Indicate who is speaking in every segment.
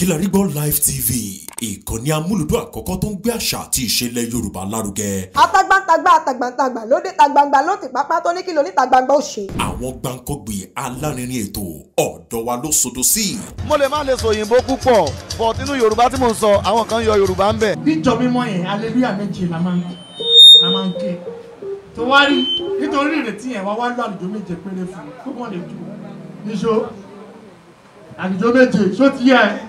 Speaker 1: Kilarigbo Live TV ìkànnì amúlùdún àkọ́kọ́ tó ń gbé àṣà àti ìṣẹ̀lẹ̀ Yorùbá lárugẹ.
Speaker 2: atagbantagba àtàgbàntagbà lóde tagbangba ló ti pápá tó ní kí lóní tagbangba ó ṣe.
Speaker 1: àwọn gbàǹkọ̀gbì alárinrin ètò ọ̀dọ́ wa ló sodo sí.
Speaker 2: mo lè má lè sọ òyìnbó púpọ̀ bọ̀ nínú Yorùbá tí mò ń sọ àwọn kan yọ Yorùbá ń bẹ̀. níjọ mímọ́ yẹn aleluya méje la máa ń ké tó wá rí nítorí ìrètí yẹn wá wá lọ àlùjọ méje péré fún kó mọ̀ lè dùn níṣó àlùjọ méje ṣó ti yẹ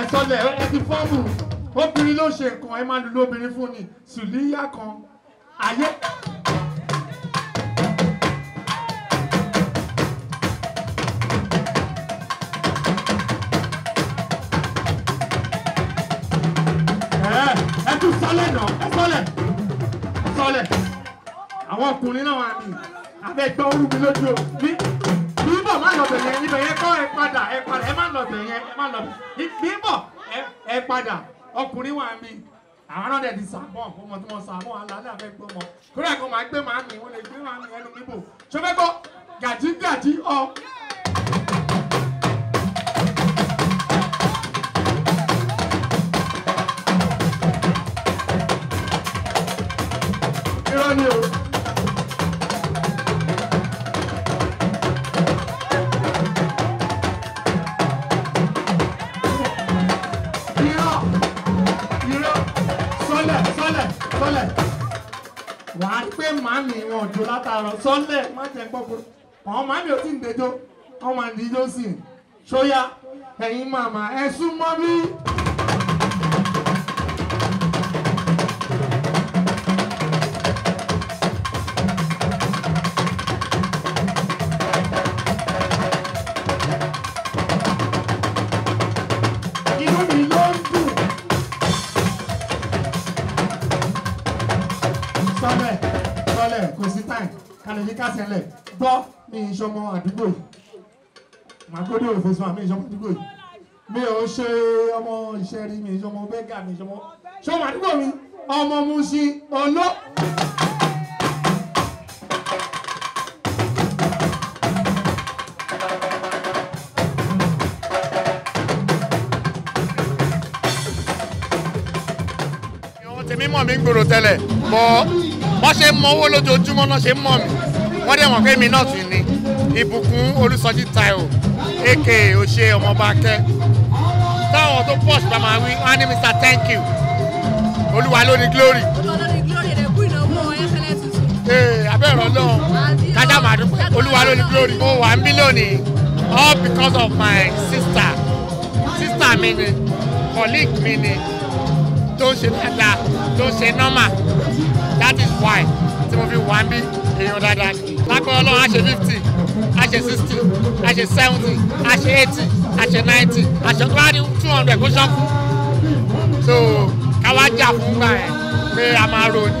Speaker 2: ẹ̀sọ́lẹ̀ ẹ ti fọ́ọ̀mù obìnrin ló ṣe nǹkan ẹ máa lulú obìnrin fún ni sùlíyà kan ayé. ẹ tún sọlẹ̀ náà ẹ sọlẹ̀ ẹ sọlẹ̀ àwọn ọkùnrin náà wà ní abẹ́gbẹ́ orúkú lójú mi bọ̀ má lọ bẹ̀rẹ̀ yẹn ibẹ̀ yẹn kọ́ ẹ padà ẹ padà ẹ má lọ bẹ̀rẹ̀ yẹn ẹ má lọ bí bọ̀ ẹ padà ọkùnrin wà mí àwọn náà dẹ̀ ti sàbọ̀ ọmọ tí wọ́n sàbọ̀ alálẹ́ àfẹ́ gbọ́ mọ́ kúrẹ́ kan máa gbé màmí wọn lè gbé màmí ẹnu mi bò ṣọfẹ́ gbọ́ gàdígàdí ọ. máa mi wọn jó látàárọ̀ sunday má jẹ́ gbọ́kúrú àwọn máa mi ò tí ń dejò wọ́n máa dijó ṣóyá ẹ̀yin màmá ẹ̀ sún bí. lè ní ká ṣẹlẹ̀ gbọ́ mi ìṣọmọ àdúgbò yìí màkódé òfin sọ àmì ìṣọmọ àdúgbò yìí mi ò ṣe ọmọ ìṣẹ́rí mi ìṣọmọ bẹ́gà mi ìṣọmọ ṣọmọ àdúgbò mi ọmọ Mushin Oló. mímọ̀ mi ń gbòòrò tẹ́lẹ̀ bọ́ wọ́n ṣe ń mọ owó lójoojúmọ́ náà ṣe ń mọ̀ mí wọ́n dẹ̀ mọ̀ pé èmi náà sì ni ìbùkún olùsọjí taiwo aka òṣè ọmọọba táwọn tó pọ̀ ṣùgbọ́n máa wí wọ́n á ní mr thank you olúwa ló ní glory. abẹ́rẹ́ ọlọ́run kájà máa dúpẹ́ olúwa ló ní glory. mo wà ń bí lónìí all because of my sister sister mi ni colleague mi ni tó ń ṣe dáadáa tó ń ṣe normal that is why tí mo fi wà ń bí èèyàn dáadáa lágbára ọlọ́run á ṣe fifty á sixty á seventy á eighty á ninety á ṣe tó bá ní two hundred kó ṣọ́kù so káwá jà fún gbà yẹn pé a máa ro ni.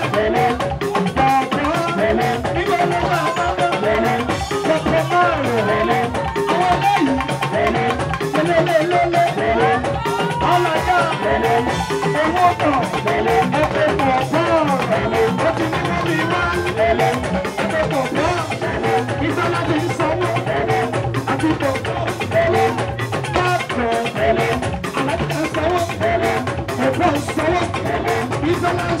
Speaker 2: Thank you.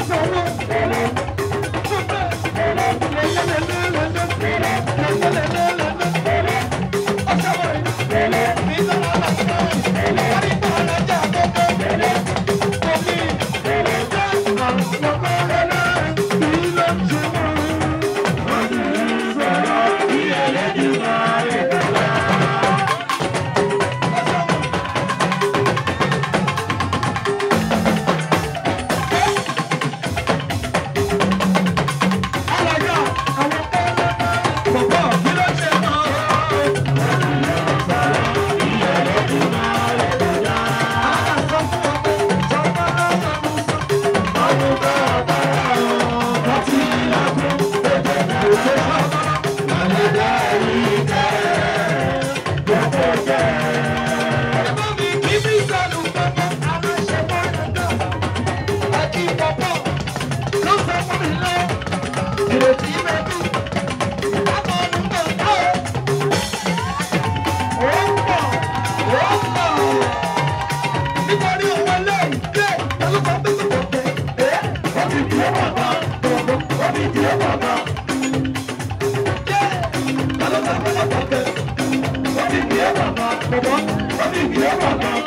Speaker 2: àkọ́kọ́ lórí ìdílé kọ̀ọ̀kan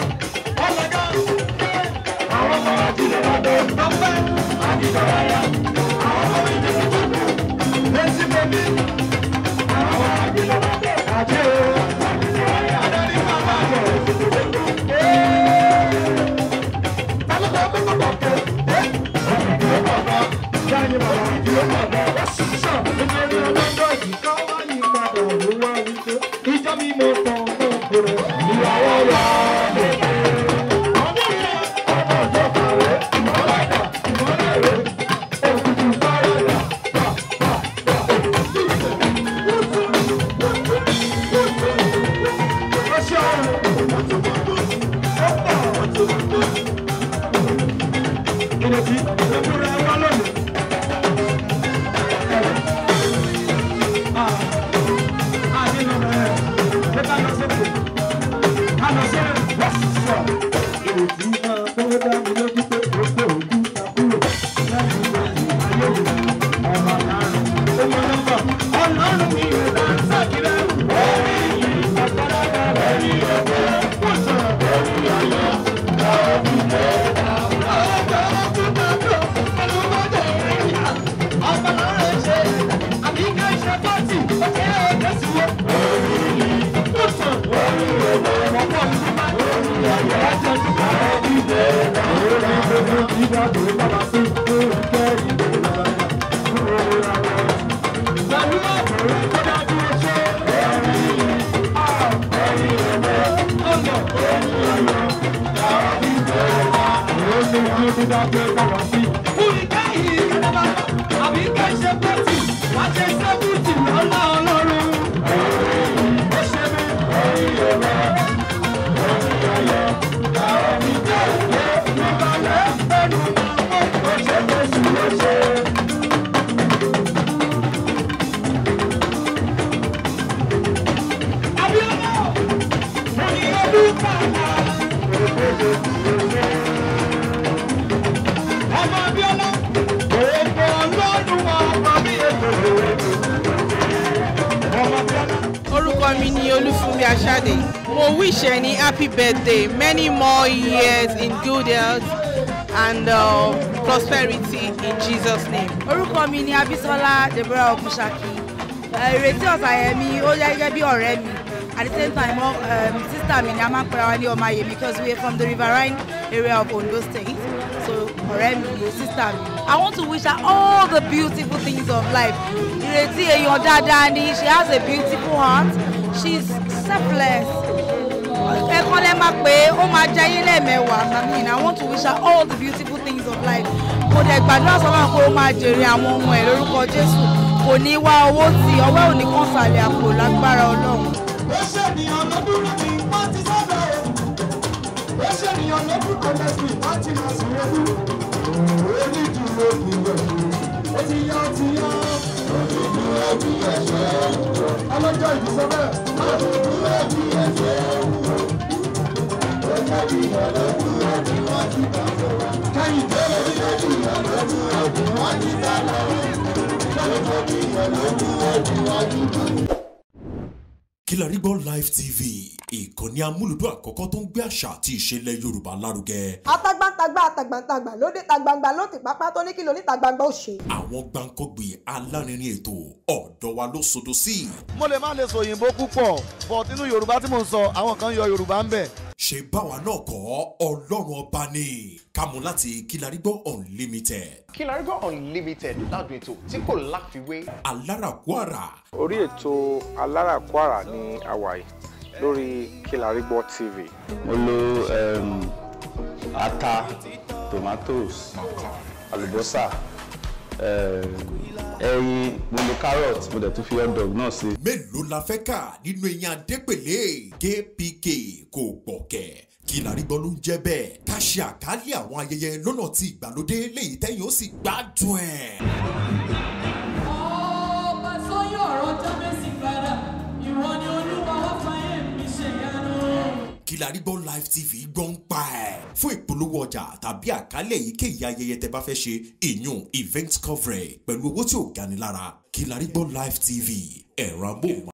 Speaker 2: ọlọ́gá àwọn ọmọ àti ìdọ̀rọ̀ àdó ọ̀fẹ́ àti ìdọ̀rọ̀ àyà. Thank you. Africa, do Africa. Olufumi Ashade. Mo wish any happy birthday, many more years in good health and uh, prosperity in Jesus' name. Orúkọ mi ni Abisola Deborah Okusaki. Ìrètí Ọ̀sàyẹmí ó yẹ gẹ́gẹ́ bí ọ̀rẹ́ mi. At the same time, all, um, Sister Minyama Kurawani Omaye because we are from the riverine area of Ondo State. So, Oremi, Sister I want to wish her all the beautiful things of life. You Ireti Eyan Dadani, she has a beautiful heart. She's selfless. I want to wish her all the beautiful things of life. Mo dẹ̀ gbàdúrà sọ́wọ́n pé ó máa jèrè àwọn ọmọ ẹ̀ ó ṣènìyàn lọ́dúnrún mi wọ́n ti sábà o ó ṣènìyàn lọ́dún kan lẹ́sìn wọ́n ti mọ̀ sí ewu ó ní dúró ní ẹ̀ṣẹ̀ ó ti yá ó ti yá ó ní dúró ní ẹ̀ṣẹ̀ ọlọ́jọ́ ìlú sọ bẹ́ẹ̀
Speaker 1: DSTV ìkànnì amúlùdún àkọ́kọ́ tó ń gbé àṣà àti ìṣẹ̀lẹ̀ Yorùbá lárugẹ.
Speaker 2: atagbantagba atagbantagba lóde tagbangba ló ti pápá tó ní kí lóní tagbangba ó ṣe.
Speaker 1: àwọn gbàǹkọ̀gbìn alárinrin ètò ọ̀dọ́ wa ló sodo sí. mo lè má lè sòyìnbó púpọ̀ bọ̀ nínú Yorùbá tí mo ń sọ àwọn kan yọ Yorùbá ń bẹ̀ ṣe bá wa náà kọ́ ọlọ́run ọba ni kámú láti kílarígbọ́ unlimited. kílarígbọ́ unlimited ládùn ètò tí kò láfiwé. aláràkúàrà. orí ètò aláràkúàrà ní àwàyè lórí kílarígbọ́ tv. mo lo um, ata tomatoes àlùbọ́sà um, ẹyin mo lè carrot mo dẹ̀ tún fi hot dog náà sí. mélòó la fẹ́ kà nínú eyín adépèlé kpk kò gbọ̀kẹ̀ kí la gbọ́ ló ń jẹ́ bẹ́ẹ̀ ká ṣe àkálẹ̀ àwọn ayẹyẹ lọ́nà tí ìgbàlódé léyìí tẹ́yìn ó sì gbádùn ẹ̀. kí la rí gbọ́ live tv gbọ́ ń pa ẹ̀. fún ìpolówó ọjà tàbí àkálẹ̀ èyíkéyìí ayẹyẹ tẹ bá fẹ́ ṣe ìyún event coverage pẹ̀lú owó tí ò gani kí la rí gbọ́ live tv ẹ̀rọ amóhùnmáwòrán.